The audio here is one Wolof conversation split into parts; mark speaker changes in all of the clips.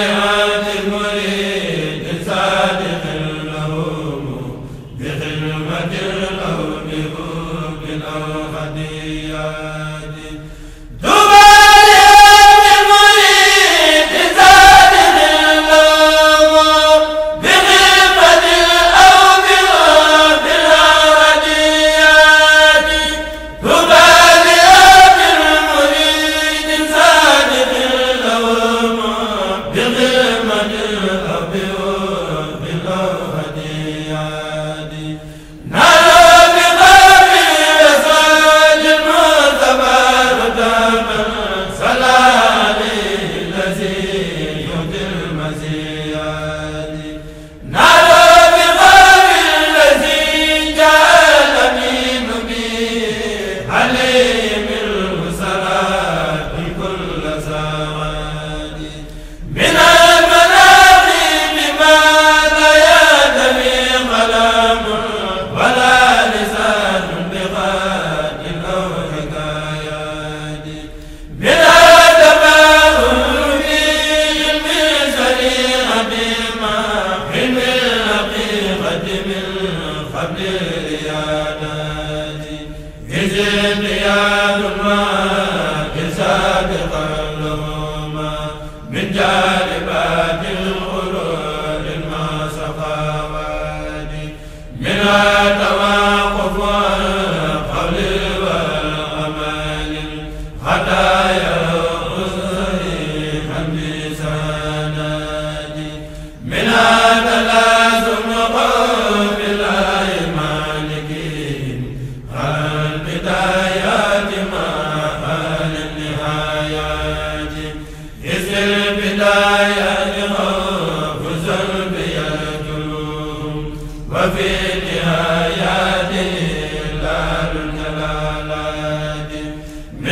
Speaker 1: الصالحات المريض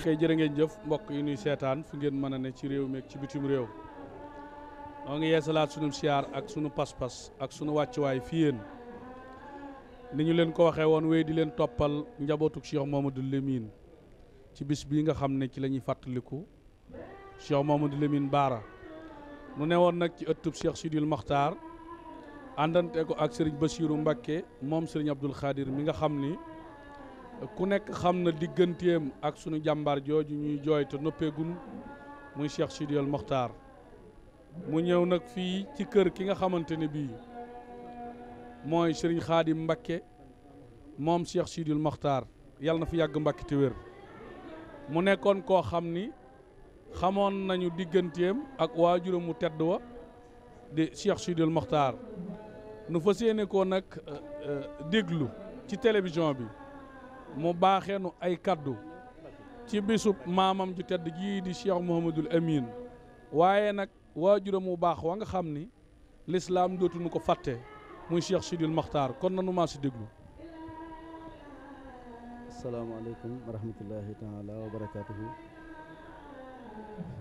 Speaker 2: koy jërë ngeen jëf mbokk yi nuy seetaan fu ngeen mën a ne ci réew mi ci bitim réew noo ngi yeesalaat sunu siyaar ak sunu pas-pas ak sunu wàccuwaay fii yéen ni ñu leen ko waxee woon wéy di leen toppal njabootuk Cheikh Mamadou Lemine ci bis bii nga xam ne ci la ñuy fàttaliku Cheikh Mamadou Lemine Baara nu ne woon nag ci ëttub Cheikh Sidil Mokhtar àndante ko ak Serigne basiiru mbakke moom Serigne Abdoul Khadir mi nga xam ni ku nekk xam na digganteem ak sunu jàmbaar jooju ñuy jooy te noppeegun muy Cheikh Sidiyal Mokhtar mu ñëw nag fii ci kër ki nga xamante ne bii mooy Serigne Khadim Mbakke moom Cheikh Sidiyal Mokhtar yàlla na fi yàgg Mbakke te wér mu nekkoon koo xam ni xamoon nañu digganteem ak waa mu tedd wa di Cheikh Sidiyal Mokhtar nu fas yéene koo nag euh, euh, déglu ci télévision bi. mu baaxeenu ay kàddu ci bisub maamam ju tedd jii di cheikh mouhamadul amin waaye nag waajuram mu baax wa nga xam ni lislaam dootuñu ko fàtte muy cheikh sidil maxtaar kon nanu maa si déglu
Speaker 3: asalaamaaleykum wa rahmatullahi taala wa barakatuhu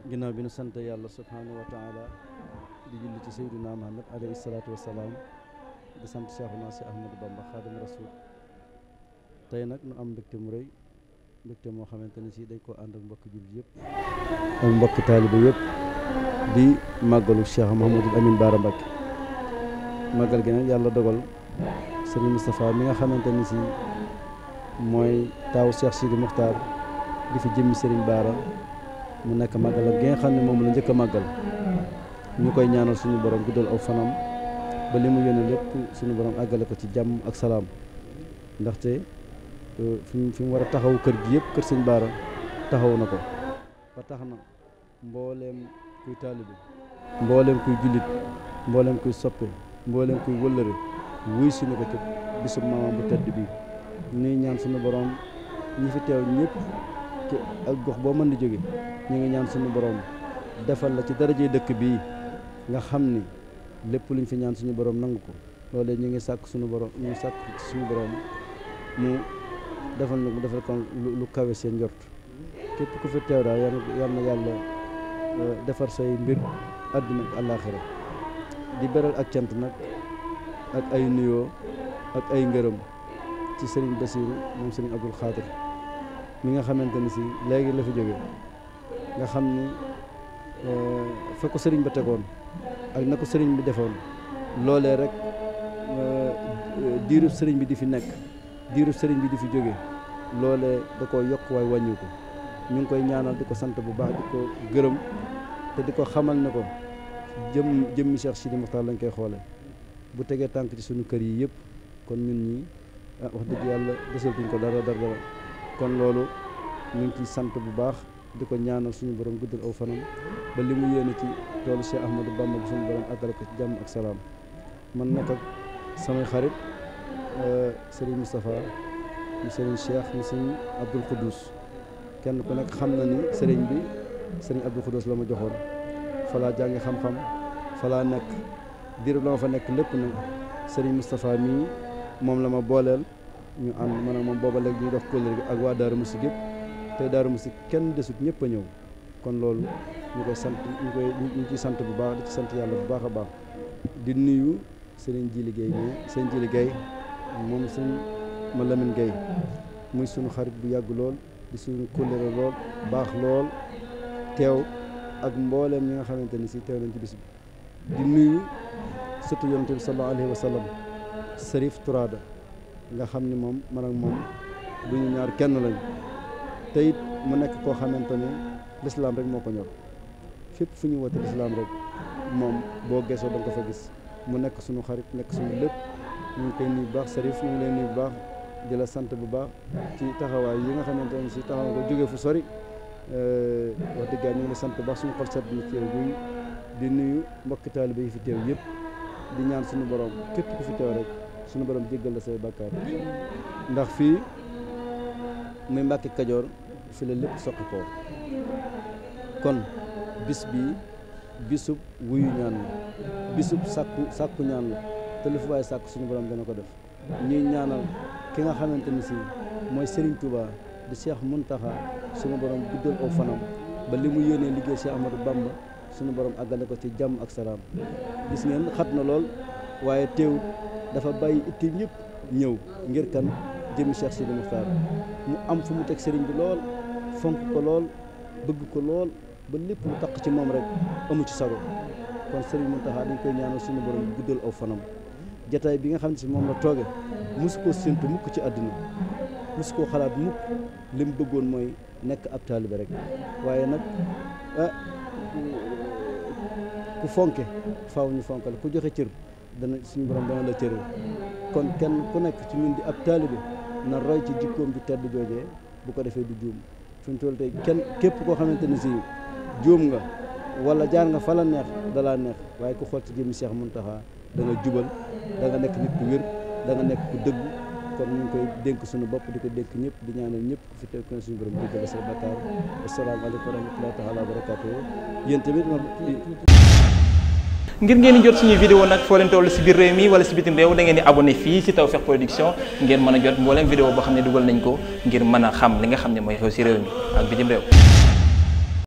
Speaker 3: ginnaaw bi nu sant yàlla subhaanahu wa taala di julli ci sayduna muhammad alayhi salaatu wasalaam di sant cheikhuna si ahmadou bamba xaadim rasul tey nag nu am mbégte mu rëy mbégte moo xamante ne si dañ koo ànd ak mbokk jullit yëpp ak mbokk taaliba yëpp di màggalu Cheikh Mouhamadul Amin Baara Mbacke màggal gi nag yàlla dogal Serigne Moustapha mi nga xamante si mooy taawu Cheikh Sidi Mokhtar di fi jëmmi Serigne Baara mu nekk màggal ak gi nga xam ne moom la njëkk a màggal ñu koy ñaanal suñu borom guddal aw fanam ba li mu yónnee lépp suñu borom àggale ko ci jàmm ak salaam ndaxte. Euh, fi mu fi mu war a taxaw kër gi yëpp kër sëñ Baara taxaw na ko ba tax na mbooleem kuy taalibe mbooleem kuy jullit mbooleem kuy soppe mbooleem kuy wëllëre wuy si ko ci bisub maamam bu tedd bi nuy ñaan suñu boroom ñi fi teew ñëpp ci ak gox boo mën di jóge ñu ngi ñaan sunu boroom defal la ci darajey dëkk bii nga xam ni lépp luñ fi ñaan suñu boroom nangu ko loolee ñu ngi sàkk suñu borom ñu suñu borom mu defal na mu defal ko lu kawe seen njort képp ku fi teew daal yal na yàlla euh, defar say mbir àdduna ak di beral ak cant nag ak ay nuyoo ak ay ngërëm ci sëriñ Basiiru moom sëriñ Abdul Xaadir mi nga xamante ni si léegi la fi jóge nga xam ni euh, fa ko sëriñ ba tegoon ak na ko sëriñ bi defoon loolee rek euh, diirub sëriñ bi di fi nekk diiru sëriñ bi di fi jóge loolee da koo yokk waay wàññi ko ñu ngi koy ñaanal di ko sant bu baax di ko gërëm te di ko xamal ne ko jëm jëmmi Cheikh Sidi Mokhtar lañ koy xoole bu tegee tànk ci suñu kër yi yëpp kon ñun ñi ah, wax dëgg yàlla desaltuñ ko dara dara dara kon loolu ñu ngi ciy sant bu baax di ko ñaanal suñu borom guddal aw fanam ba li mu yéene ci toolu Cheikh Ahmadou Bamba bi suñu borom àggale ko ci jàmm ak salaam man nag ak samay xarit Euh, sëriñ Moustapha mu sëriñ Cheikh mu sëriñ Abdoul Khoudous kenn ku nekk xam na ni sëriñ bi sëriñ Abdoul Khoudous la ma joxoon falaa jàngi xam-xam falaa nekk diirub la ma fa nekk lépp nag sëriñ Moustapha mii moom la ma booleel ñu ànd man ak moom booba léegi ñuy def kóllëre gi ak waa Daaru Musi yëpp tey Daaru Musi kenn desut ñëpp a ñëw kon loolu ñu koy sant ñu koy ñu ciy sant bu baax di ci sant yàlla bu baax a baax di nuyu sëriñ Jili liggéey mii sëriñ Jili Guèye moom sëñ ma Lamine Gueye muy suñu xarit bu yàgg lool di suñu kóllëre lool baax lool teew ak mbooleem ñi nga xamante ni si teew nañ ci bis bi di nuyu sëtu yonante bi sallallahu alayhi wa sallam nga xam ni moom man ak moom du ñu ñaar kenn lañ te mu nekk koo xamante ne lislaam rek moo ko ñor fépp fu ñu wote lislaam rek moom boo gesoo da nga ko fa gis mu nekk suñu xarit nekk suñu lépp ñu ngi koy nuyu baax Serif ñu ngi lay nuyu bu baax di la sant bu baax ci taxawaay yi nga xamante ne si taxaw ko jógee fu sori euh, wax dëgg ñu ngi la sant bu baax suñu xol set bi teew bi di nuyu mbokki taalibe yi fi teew yëpp di ñaan suñu borom képp ku fi teew rek suñu borom jéggal la say bàkkaar ndax fii muy Mbàkke Kajoor fi la lépp soqi ko kon bis bi bisub wuyu ñaan la bisub sàkku sàkku ñaan la te lu fi sàkk suñu borom dana ko def ñuy ñaanal ki nga xamante ni si mooy sëriñ Touba di Cheikh Mountakha suñu borom guddal aw fanam ba li mu yéenee liggéey ma Amadou Bamba suñu borom àggale ko ci jàmm ak salaam gis ngeen xat na lool waaye teewut dafa bàyyi itti ñëpp ñëw ngir kan jëmi Cheikh Sidi Mokhtar mu am fu mu teg sëriñ bi lool fonk ko lool bëgg ko lool ba lépp lu taq ci moom rek amu ci sago kon Serigne Mountakha dañ koy ñaanal suñu borom guddal aw fanam jataay bi nga xam ne si moom la tooge mosu koo séntu mukk ci àdduna mosu ko xalaat mukk li mu bëggoon mooy nekk ab taalibe rek waaye nag ah, ku fonke faaw ñu fonkale ku joxe cër dana suñu borom dana la cëral kon kenn ku nekk ci ñun di ab taalibe na roy ci jikkoom ju tedd joojee bu ko defee du juum fi mu toll tey kenn képp koo xamante ni si juum nga wala jaar nga fa la neex dalaa neex waaye ku xool ci jëmmi Seex Muntaxa da jubal da nga nekk nit ku wér da nekk ku dëgg kon ñu ngi koy dénk suñu bopp di ko dénk ñëpp di ñaanal ñëpp ku fi teew kon suñu borom dëgg la sa bakkaar asalaamaaleykum wa rahmatullahi yéen tamit ngir ngeen di jot suñuy vidéo nag foo leen toll si biir réew mi wala si bitim réew da ngeen di abonné fii si Tawfekh Production ngeen mën a jot mbooleem vidéo boo xam ne dugal nañ ko ngir mën a xam li nga xam ne mooy xew si réew mi ak bitim réew